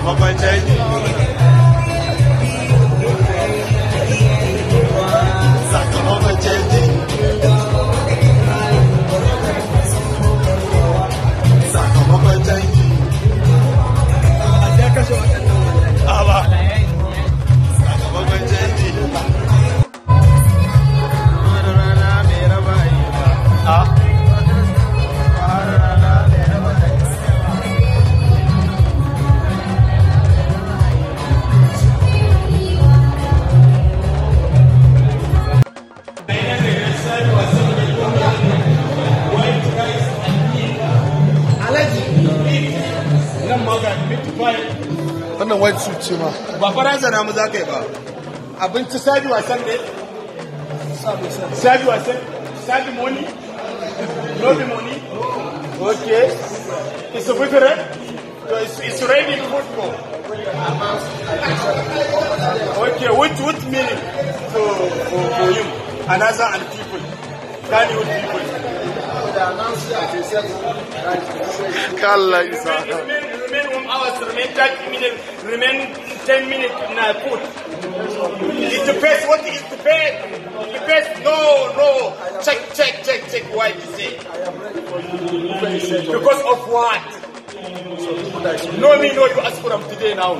Ama benden wannan wani suit ce ma ba faransa na mu za ka yi ba abinci sabi wasan ne sabi wasan sabi moni lobi moni ok isu fitire to isu ready football ok which which meaning for for, for you another and people Hollywood people kalla isa minimum hours remain 30 minutes, remain 10 minutes in uh, food. It depends what is the bed. It depends. No, no. Check, check, check, check why you say. Because of what? No, me, no, you ask for them today now.